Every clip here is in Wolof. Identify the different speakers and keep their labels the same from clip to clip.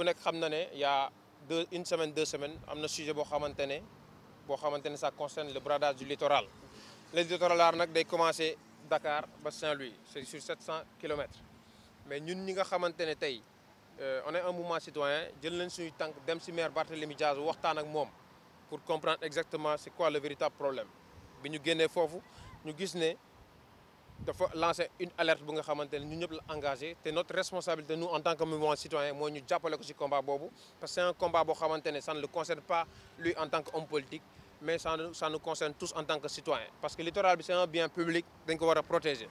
Speaker 1: ku nek xam na ne y' a deux une semaine deux semaines am na sujet boo xamante ne boo xamante ne ça concerne le bradage du littoral. le littoral daar nag day commencé Dakar ba Saint-Louis c' est sur 700 km. mais ñun ñi nga xamante ne tey euh, on est un mouvement citoyen jël nañ suñu tànk dem si maire Barthélémy Diaz waxtaan ak moom pour comprendre exactement c' est quoi le véritable problème bi ñu génnee foofu ñu gis ne dafa lancer une alerte bu nga xamantene ñun ñëpp la notre responsabilité nous en tant que mouvement citoyen mooy ñu jappalé ko ci combat bobu parce que c'est un combat bo xamantene ne ça ne le concerne pas lui en tant qu'homme politique mais ça ça nous concerne tous en tant que citoyens. parce que littoral bi c'est un bien public dañ ko wara protéger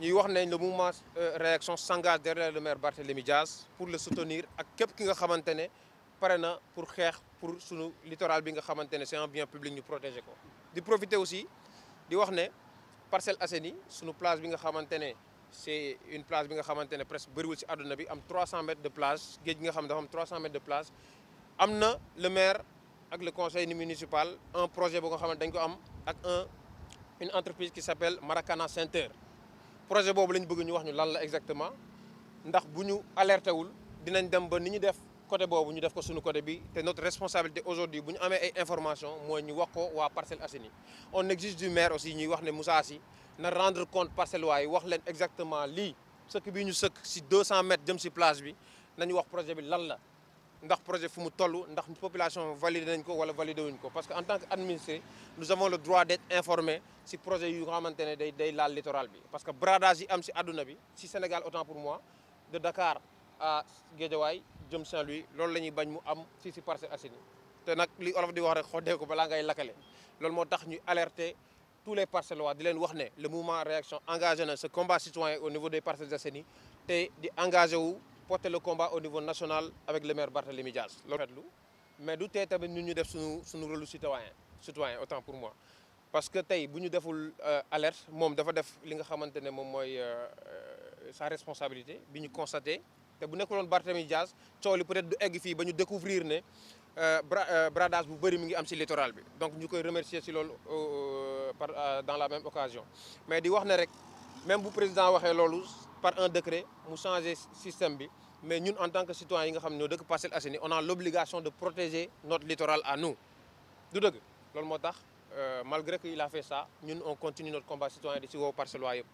Speaker 1: ñuy wax né le mouvement euh, réaction s'engage derrière le maire Barthélémy Diaz pour le soutenir ak képp ki nga xamantene pour faire pour sunu littoral bi nga c'est un bien public ñu protéger ko di profiter aussi di wax né parcelle Assainies suñu plage bi nga xamante c'est une place bi nga xamante presque bëriwul ci àdduna bi am 300 mètres de place, géej gi nga xam am 300 mètres de place. am le maire ak le conseil municipal un projet boo nga xamante dañ ko am ak un une entreprise qui s'appelle Maracana Center projet boobu lañ bëgg ñu wax ñu lan la exactement ndax bu alerté wul dinañ dem ba ni ñu def côté bobu ñu def ko suñu côté bi té notre responsabilité aujourd'hui buñ amé ay information mooy ñu wax ko wa parcelle on exige du maire aussi ñuy wax né Moussa si na rendre compte parcelle waaye wax leen exactement ce qui bi ñu seuk si 200 mètres jëm ci place bi nañu wax projet bi lan la ndax projet fu mu toll ndax population valide nañ ko wala validé wuñ ko parce que en tant que administré nous avons le droit d'être informé si projet yu nga xamante de day day littoral bi parce que bradage yi am ci aduna bi si Sénégal autant pour moi de Dakar à Guédiawaye jëm Saint-Louis loolu la ñuy bañ mu am si si Parcelles Assainies te nag li olof di wax rek xoddee ko balaa ngay lakkale loolu moo tax ñuy alerter tous les Parcellois di leen wax ne le mouvement réaction engagé na ce combat citoyen au niveau des Parcelles Assainies et di engagé wu porter le combat au niveau national avec le maire Barthélémy Dias loolu mais du tee tamit ñun ñu def suñu suñu rôle citoyen citoyen autant pour moi parce que tey bu ñu deful euh, alerte moom dafa def li nga xamante ne moom euh, euh, sa responsabilité bi constater. Si bu nekkuloon Barthélemy Diaz, coow li peut-être du egg découvrir ne euh, euh, bradage bu bëri mi ngi am littoral donc ñu koy remercier ci euh, dans la même occasion mais di wax rek même bu président waxee loolu par un décret mu changer système mais nous, en tant que citoyens, yi nga on a l'obligation de protéger notre littoral à nous du que je veux dire. malgré qu'il a fait ça nous on continue notre combat citoyen di ci woo ce loyer.